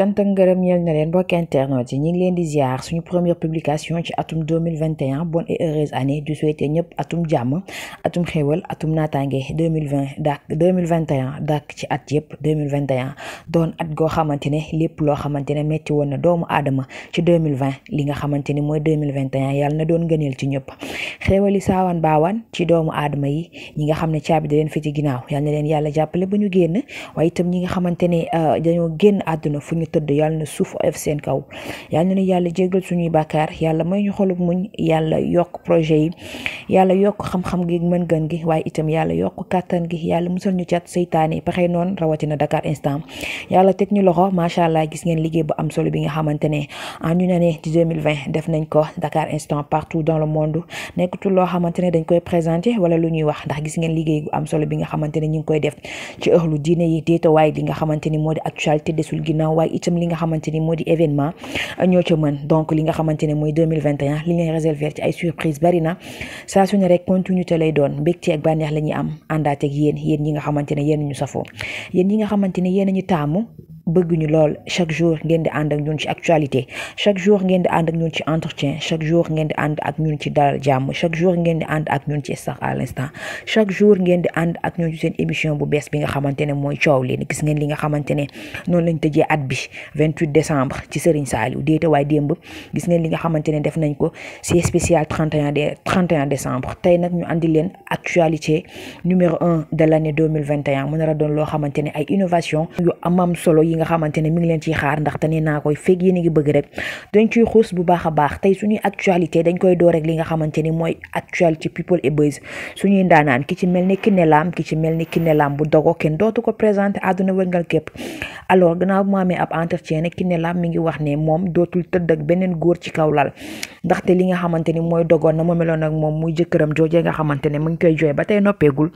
Tantang ak ngërëm ñeel na leen mbokk ngi leen di ziar suñu première publication ci atum 2021 bonne et heureuse année du souhaité ñep atum jamm atum xewal atum natangé 2020 dak 2021 dak ci at yep 2021 don at go xamantene lepp lo loo metti won na doomu adama ci 2020 li nga xamantene moy 2021 yalla na doon gëneel ci ñep xewali sawan bawan ci doomu adama yi ñi nga xamne ciabi caabi leen fi ci ginaaw yalla na leen yàlla jàppale ba ñu génn ñi nga xamantene euh, dañu génn àdduna fu ñu tëdd yàlla na suuf oyof seen kaw yàlla na nu yàlla jéggal suñuy bàkkaar yàlla may ñu xolub muñ yàlla yokk projet yi yàlla yokk xam-xam gi mën gën gi waaye itam yàlla yokk kàttan gi yàlla musal ñu cat seytaane yi noonu rawatina Dakar instant yàlla teg ñu loxo macha allah gis ngeen liggéey bu am solo bi nga xamante dañ koy présenté wala lu ñuy wax ndax gis ngeen liggéey bu am solo bi nga xamante ne ñu koy def ci ëxlu diine yi déeta waaye li ni moo itam li nga xamante ni moo di événement ñoo ca mën donc li nga xamante ne mooy 2021 li leen réserver ci ay surprise bari na saa su ne rek continuité lay doon mbégte ak bànneex la ñuy am àndaate ak yéen yéen ñi nga xamante ne yéen ñu safoo yéen ñi nga xamante ne yéen ñu taamu bëgg ñu lool chaque jour ngeen di ànd ak ñun ci actualité chaque jour ngeen di ànd ak ñun ci entretien chaque jour ngeen di ànd ak ñun ci dalal jàmm chaque jour ngeen di ànd ak ñun ci sax à l'instant chaque jour ngeen di ànd ak ñun ci seen émission bu bees bi nga xamante ne mooy coow li gis ngeen li nga xamante ne noonu lañ tëjee at bi 28 décembre ci Serigne Saliou déete waaye démb gis ngeen li nga xamante ne def nañ ko si spécial 31 de 31 décembre tey nag ñu andi leen actualité numéro 1 de l'année 2021 mu nar a doon loo xamante ne ay innovation yu amam solo yi nga xamante ne mi ngi leen ciy xaar ndaxte ni naa koy feeg yéen a ngi bëgg rek dañ ciy xuus bu baax a baax tey suñuy actualité dañ koy door rek li nga xamante ni mooy actualité people et buzz suñuy ndaanaan ki ci mel ni Kiné Lam ki ci mel ni Kiné Lam bu dogo kenn dootu ko présenté àdduna wërngal képp alors gannaaw bu ab entretien nag Kiné Lam mi ngi wax ne moom dootul tëdd ak beneen góor ci kaw lal ndaxte li nga xamante ni mooy dogoon na mu meloon ak moom muy jëkkëram joojee nga xamante ne mu ngi koy jooy ba tey noppeegul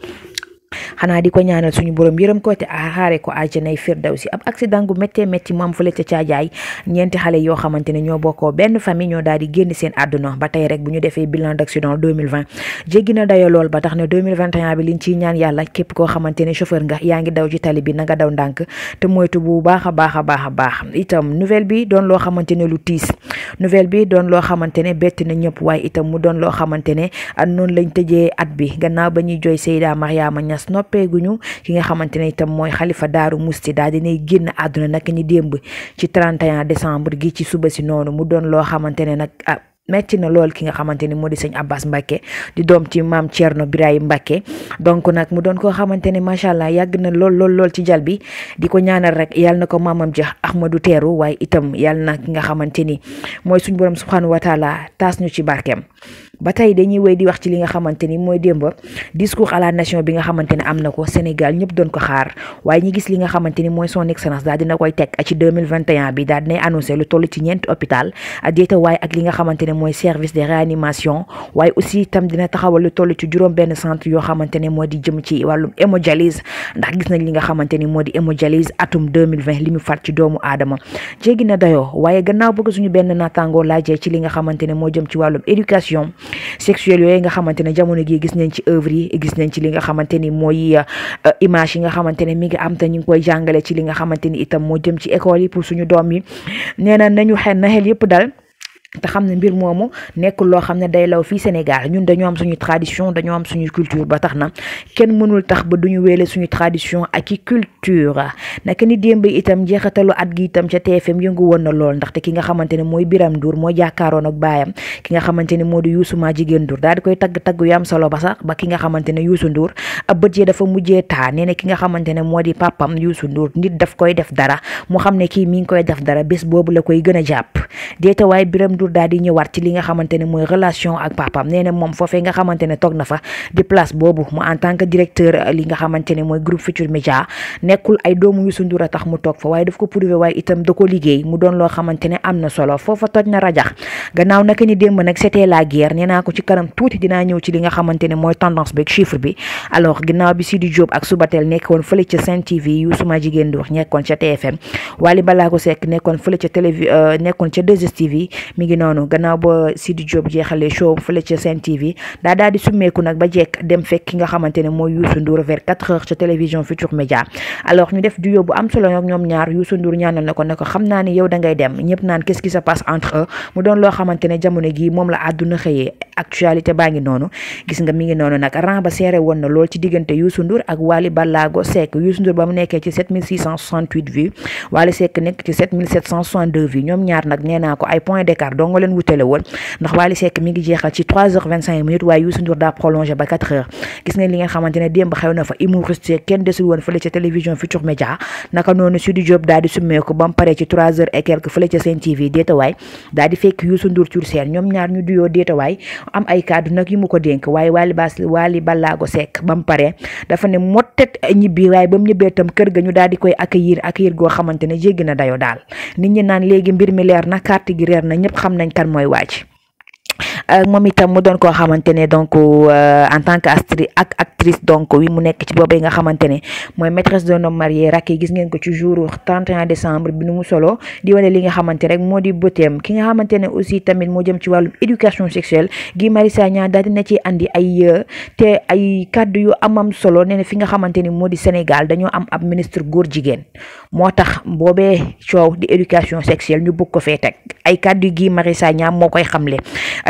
xanaa di ko ñaanal suñu borom yërëm ko te xaare ko àjjanay firdawsi ab accident gu méttee métti mu am fële ca caajaay ñeenti xale yoo xamante ne ñoo bokkoo benn famille ñoo daal di génn seen àdduna ba tey rek bu ñu defee bilan d'accident 2020 jéggi na dayo lool ba tax ne 2021 bi liñ ciy ñaan yàlla képp ko xamante ne chauffeur nga yaa ngi daw ci tali bi na nga daw ndànk te moytu bu baax a baax a baax a baax itam nouvelle bi doon loo xamante ne lu tiis nouvelle bi doon loo xamante ne bett na ñëpp waaye itam mu doon loo xamante ne ah, noonu lañ tëjee at bi gannaaw ba joy jooy Seyda Mariama Niass noppeeguñu ki nga xamante ne itam mooy xalifa Daaru Musti daal dinay génn àdduna nag ñi démb ci 31 décembre gi ci suba si noonu mu doon loo xamante ne nag ah, metti na lool ki nga xamante ni moo di sëñ Abbas Mbacke di doom ci maam Thierno Birahim Mbacke donc nag mu doon koo xamante ni macha allah yàgg na lool lool lool ci jal bi di ko ñaanal rek yàlla na ko maamam ji Ahmadou teeru waaye itam yàlla na ki nga xamante ni mooy suñu borom subhanahu wa taala taas ñu ci barkeem. ba tey dañuy wéy di wax ci li nga xamante ni mooy démb discours à la bi nga xamante ne am na ko Sénégal ñëpp doon ko xaar waaye ñi gis li nga xamante ni mooy son excellence daal dina koy teg ci 2021 bi daal dinay annoncé toll ci ñeenti hôpital ak waaye ak li nga xamante ne ne mooy service de réanimation waaye aussi tam dina taxawal lu toll ci juróom benn centre yoo xamante ne moo di jëm ci wàllum hémodialyse ndax gis nañ li nga xamante ni moo di hémodialyse atum 2020 li mu far ci doomu aadama jéggi na dayo waaye gannaaw bëgg suñu benn naataangoo laajee ci li nga xamante ne moo jëm ci wàllum éducation sexuelle yooyu nga xamante ne jamono gi gis nañ ci œuvre yi gis nañ ci li nga xamante ni mooy euh, image yi nga xamante ne mi ngi am te ñu ngi koy jàngale ci li nga xamante ni itam moo jëm ci école yi pour suñu doom yi nee na nañu xel na xel yëpp dal te xam ne mbir moomu nekkul loo xam ne day law fii Sénégal ñun dañoo am suñu tradition dañoo am suñu culture ba tax ken kenn mënul tax ba duñu wéele suñu tradition ak i culture naka ni démb itam jeexatalu at gi itam ca TFM yëngu woon na lool ndaxte ki nga xamante ne mooy Biram Ndour moo jàkkaaroon ak baayam ki nga xamante ne moo di Youssou maa jigéen Ndour daal di koy tagg tagg yu am solo ba sax ba ki nga ne Youssou Ndour ya dafa ki nga di papam Youssou dur nit daf koy def dara mu xam ne kii mi ngi koy def dara bis boobu la koy gën a jàpp deetawaay Biram Mansour daal di ñëwaat ci li nga xamante ne relation ak papam nee na moom foofee nga xamante ne toog na fa di place boobu mu en tant que directeur li nga xamante ne mooy groupe future média nekkul ay doomu yu Ndour a tax mu toog fa waaye daf ko prouvé waaye itam da ko liggéey mu doon loo xamante ne am na solo foofa toj na rajax gannaaw naka ni démb nag c'était la guerre nee naa ko ci kanam tuuti dinaa ñëw ci li nga xamante ne mooy tendance beeg chiffre bi alors ginnaaw bi Sidi Diop ak Subatel nekkoon fële ca Sen TV yu suma jigéen di wax nekkoon ca TFM Wally Ballago Seck nekkoon fële ca télé euh, nekkoon ca 2 TV mi ngi noonu gannaaw ba Sidi Diop jeexalee show fele ci Sen TV da daal di summeeku nag ba jek dem fek ki nga xamantene moy mooy Youssou Ndour vers 4 heures ca télévision Futur Média alors ñu def duo bu am solo ak ñoom ñaar Youssou Ndour ñaanal na ko ne ko ni yow da ngay dem ñëpp naan qu'est-ce qui se passe entre eux mu doon lo xamantene jamono gi mom la aduna xeyé actualité baangi ngi gis nga mi ngi noonu nak rang ba seere woon na lol ci diggante Youssou Ndour ak wali Ballago sek Youssou Ndour ba mu ci 7668 vues wali sek nek ci 7762 vues ñom ñaar nak nee ko ay point d'écart ñaar dong leen wutale woon ndax Wally Seck mi ngi jeexal ci 3 heures 25 minutes waaye Youssou Ndour daa prolongé ba 4 heures gis ngeen li nga xamante ne démb xew na fa humoriste kenn daal di summeeku ba mu ci 3 heures et quelque fële ca seen TV déetawaay daal di fekk Youssou Ndour tur seen ñoom ñaar ñu duyoo déetawaay am ay kàddu nag yu ko dénk waaye Wally Bass Wally Ballago Seck ba mu dafa ne mottet ñibbi waaye ba mu tam kër ga ñu daal di koy accueillir accueillir goo xamante ne jéggi na dayo daal mi leer xam nañ kan mooy waaj moom itam mu doon koo xamante ne donc euh, en tant que actrice ak actrice donc wi mu nekk ci boobu yi nga xamante ne mooy maîtresse d'un homme marié Racky gis ngeen ko ci jour 31 décembre bi nu mu solo di wane li nga xamante rek moo di bëteem ki nga xamante ne aussi tamit moo jëm ci wàllum éducation sexuelle gi Mari Sagna daal dina ci andi ay euh, te ay kàddu yu amam solo nee na fi nga xamante ni moo di Sénégal dañoo am ab ministre góor jigéen moo tax boobee coow di éducation sexuelle ñu bëgg ko fee teg ay kàddu gi Mari moo koy xamle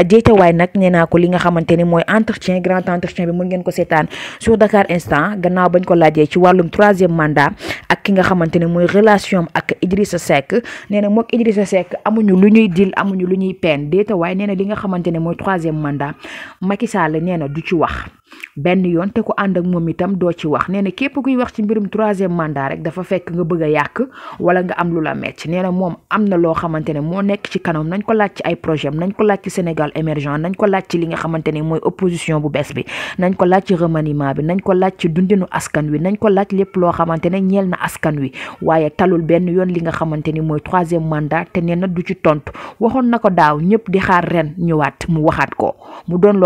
Déthiawaye nag nee naa ko li nga xamante ne mooy entretien grand entretien bi mën ngeen ko seetaan sur Dakar Instant gannaaw bañ ko laajee ci wàllum troisième mandat ak ki nga xamante ne mooy relation ak Idrissa Seck nee na mook Idrissa Seck amuñu lu ñuy dil amuñu lu ñuy peen Déthiawaye nee na li nga xamante ne mooy troisième mandat Macky Sall nee na du ci wax benn yoon te ku ànd moom itam doo ci wax nee na képp kuy wax ci mbirum troisième mandat rek dafa fekk nga bëgg a yàq wala nga am lu la metti nee na moom am na loo xamante ne moo nekk ci kanam nañ ko laaj ci ay projet nañ ko laaj ci Sénégal émergent nañ ko laaj ci li nga xamante ne mooy opposition bu bees bi nañ ko laaj ci remaniement bi nañ ko laaj ci dundinu askan wi nañ ko laaj lépp loo xamante ne ñeel na askan wi waaye talul benn yoon li nga xamante ni mooy troisième mandat te nee na du ci tont waxoon na ko daaw ñëpp di xaar ren ñëwaat mu waxaat ko mu doon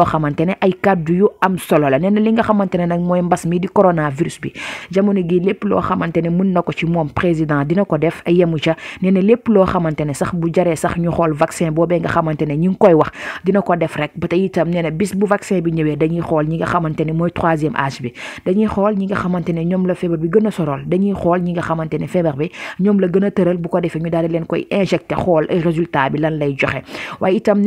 solo la nee na li nga xamante ne nag mooy mbas mi di coronavirus bi jamono gi lépp loo xamante ne na ko ci moom président dina ko def yemu ca nee lépp loo xamante sax bu jaree sax ñu xool vaccin boobee nga xamante ne ñi ngi koy wax dina ko def rek ba tey itam nee na bis bu vaccin bi ñëwee dañuy xool ñi nga xamante ne mooy troisième âge bi dañuy xool ñi nga xamante ne ñoom la feebar bi gën a sorol dañuy xool ñi nga xamante ne feebar bi ñoom la gën a tëral bu ko defee ñu daal di leen koy injecté xool résultat bi lan lay joxe waaye itam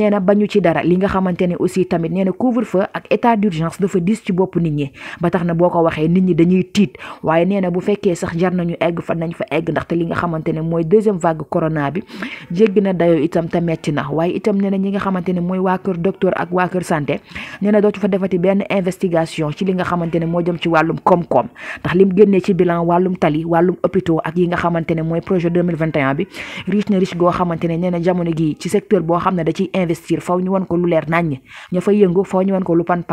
diis ci bopp nit ñi ba tax na boo ko waxee nit ñi dañuy tiit waaye nee na bu fekkee sax jar nañu egg fan nañ fa egg ndaxte li nga xamante ne mooy deuxième vague corona bi jéggi na dayoo itam te metti na waaye itam nee ñi nga xamante ne mooy waa kër docteur ak waa kër santé nee na dootu fa defati benn investigation ci li nga xamante ne moo jëm ci wàllum koom-koom ndax lim génnee ci bilan wàllum tali wàllum hôpitaux ak yi nga xamante ne mooy projet 2021 bi riche na riche goo xamante ne nee na jamono gi ci secteur boo xam ne da ciy investir faw ñu won ko lu leer naññ ña fay yëngu faw ñu won ko lu pan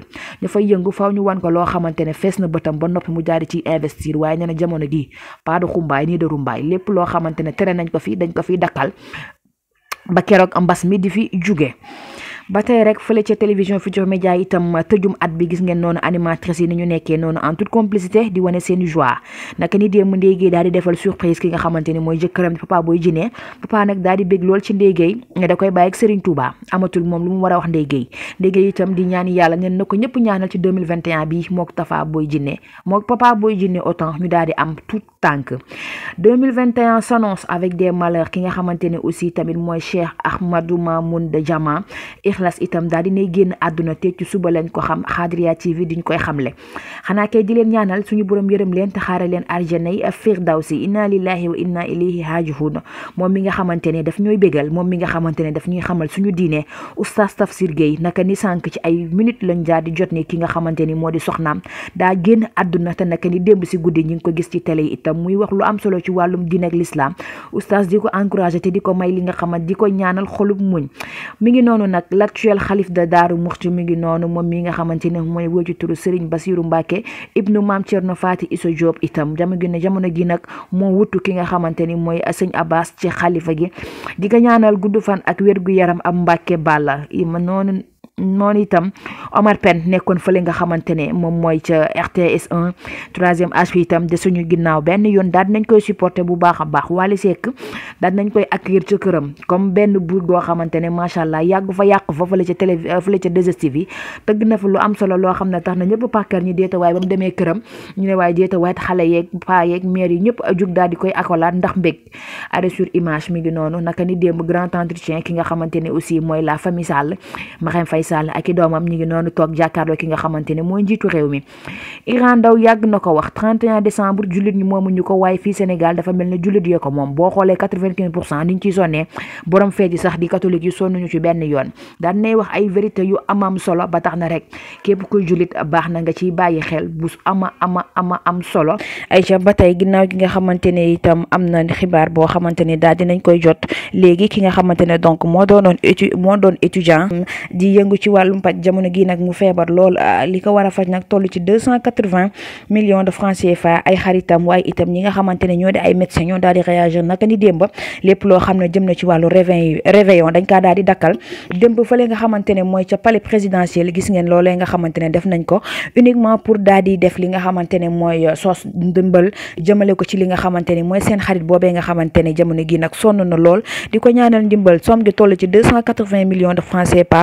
yëngal dafay yëngu faw ñu wan ko loo xamante ne fees na bëtam ba noppi mu jaari ci investir waaye nee na jamono gi pas de xumbaay nii de rumbaay lépp loo xamante ne tere nañ ko fi dañ ko fi dakkal ba keroog mbas mi di fi jóge ba tey rek fële ca télévision Futurs Médias itam tëjum at bi gis ngeen noonu animatrice yi ni ñu nekkee noonu en toute complicité di wane seen joie naka ni démb ndéygéey daal di defal surprise ki nga xamante ni mooy jëkkëram papa booy jinee papa nag daal di bég lool ci ndéygéey nga da koy bàyyi ak Serigne Touba amatul moom lu mu war a wax ndéygéey ndéygéey itam di ñaani yàlla neen na ko ñëpp ñaanal ci 2021 bi mook tafa booy jinee mook papa booy jinee autant ñu daal di am tout tànk 2021 s'annonce avec des malheurs ki nga xamante ne aussi tamit mooy Cheikh Ahmadou Mamoun de Jama Ixlaas itam daal dinay génn àdduna te ci koy xamle xanaa kay di leen ñaanal suñu borom yërëm leen te xaare leen arjanay firdawsi inna lillahi wa inna ilayhi haajihuun moom mi nga xamante ne daf ñooy bégal moom mi nga xamante ne daf ñuy xamal suñu diine oustaz Tafsir Gueye naka ni sànq ci ay minute lañ jaar di jot ni ki nga xamante ni moo di soxnaam daa génn àdduna te naka ni démb si guddi ñi ngi ko gis ci tele yi itam muy wax lu am solo ci wàllum diine ak l'islam oustaz di ko encouragé te di ko may li nga xamante di ko ñaanal xolub muñ mi ngi noonu nag l'actuel xalif de Daaru Muxti mi ngi noonu moom mi nga xamante ne mooy wëju turu Serigne Bassirou Mbacke ibnu Maam no Faty Issa Diop itam jamono gi nag moo wutu ki nga xamante ni mooy a sëñ Abbas ci xalifa gi di ko ñaanal gudd fan ak wér gu yaram am Mbacke Balla ma noonu noonu itam Omar Pène nekkoon fële nga xamante ne moom mooy ca RTS 1 troisième âge itam de suñu ginnaaw benn yoon daal di nañ koy supporter bu baax a baax Wally Seck daal nañ koy accueillir ca këram comme benn buur goo xamante ne macha allah yàgg fa yàq fa fële ca télé euh, fële ca 2STV tëgg na fa lu am solo loo xam ne tax na ñëpp pàkkar ñi deeta waaye ba mu demee këram ñu ne waaye deeta waaye xale yeeg paa yeeg maire yi ñëpp jug daal di koy akolaat ndax mbég arrêt sur image mi ngi noonu naka ni démb grand entretien ki nga xamante ne aussi mooy la famille Sall Marème Sall ak i doomam ñu ngi noonu toog jàkkaarloo ki nga xamante ne mooy njiitu réew mi Iran Ndaw yàgg na ko wax 31 décembre jullit ñi moomu ñu ko waaye fii Sénégal dafa mel ne jullit yee ko moom boo xoolee 95 pour sonnee borom feet yi sax di catholique yi sonnuñu ci benn yoon daan wax ay vérité yu amam solo ba tax na rek képp kuy jullit baax na nga ciy bàyyi xel bu ama ama ama am solo Aïcha ba tey ginnaaw gi nga xamante ne itam am na xibaar boo xamante daal ki nga xamante ne donc moo doonoon étu moo doon étudiant di ci wàllum paj jamono gi nag mu feebar lool ah, li ko war a faj nag toll ci deux cent quatre-vingts millions de francs CFA ay xaritam waaye itam ñi nga xamante ne ñoo di ay médecins ñoo daal di réagir naka ni démb lépp loo xam ne jëm na ci wàllu réveil on dañ kaa daal di dakkal démb fële nga xamante ne mooy ca palais présidentiel gis ngeen loolee nga xamante ne def nañ ko uniquement pour daal di def li nga xamante ne mooy euh, soos ndimbal jëmale ko ci li nga xamante ne mooy seen xarit boobee nga xamante ne jamono gi nag sonn na lool di ko ñaanal ndimbal somme gi toll ci deux cent quatre-vingts millions de francs CFA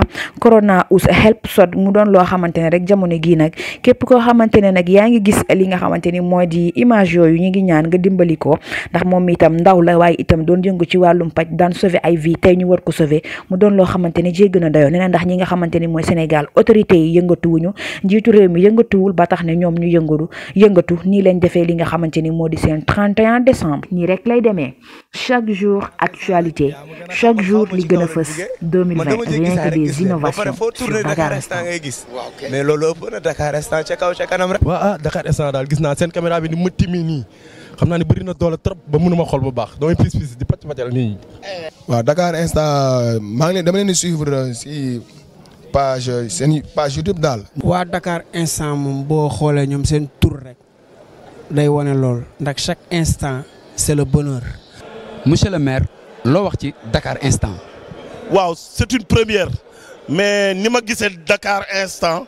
waroon naa us help sot mu doon loo xamante ne rek jamono gii nag képp koo xamante ne nag yaa ngi gis li nga xamante ni moo di image yooyu ñu ngi ñaan nga dimbali ko ndax moom itam ndaw la waaye itam doon yëngu ci wàllum paj daan sauver ay vie tey ñu war ko sauver mu doon loo xamante ne jéggi na dayoo nee na ndax ñi nga xamante ni mooy Sénégal autorité yi yëngatuwuñu njiitu réew mi yëngatuwul ba tax ne ñoom ñu yëngatu yëngatu nii leen defee li nga xamante ni moo di seen 31 décembre nii rek lay demee chaque jour actualité chaque gën a fës pare foo tourné Dakar instant ngay gis. mais lolo ëpp Dakar instant ci kaw ca kanam rek. wa ah Dakar instant dal gis na sen caméra bi ni ma mi ni xamna ni ne bëri na doole trop ba mënuma xol bu baax damay pis pis di pàcc pàccal ni wa Dakar instant maa ngi dama leni suivre ci page sen page YouTube dal wa Dakar instant moom bo xolé ñoom sen tour rek day wane lool ndax chaque instant c'est le bonheur. monsieur le maire lo wax ci Dakar instant. waaw c'est une première mais ni Dakar instant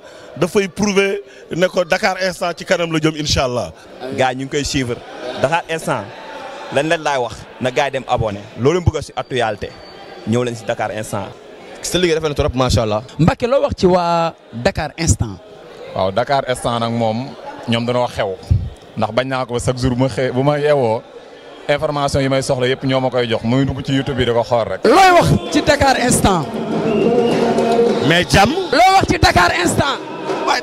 faut prouver ne Dakar instant ci kanam la Inch'Allah. incha Dakar instant je leen na gars abonné vous actualité Dakar instant. sa le na trop Dakar instant. Dakar instant le xew ndax bañ le chaque jour bu ma information yi may soxla yépp jox muy dugg ci YouTube bi da ko rek. wax Dakar instant. mais jàmm. loo wax Dakar instant.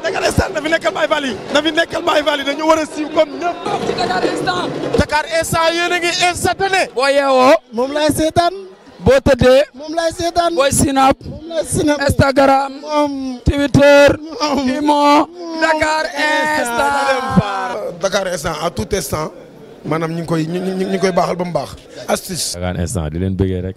Dakar instant Dakar instant. Dakar instant yéen boo yeewoo. moom laay seetaan. boo tëddee. moom laay seetaan. booy Instagram. Twitter. Dakar instant. Dakar à tout instant. maanaam ñu ngi koy ñu ngi koy baaxal ba mu baax. astuce. Dakar instant di leen bëggee rek.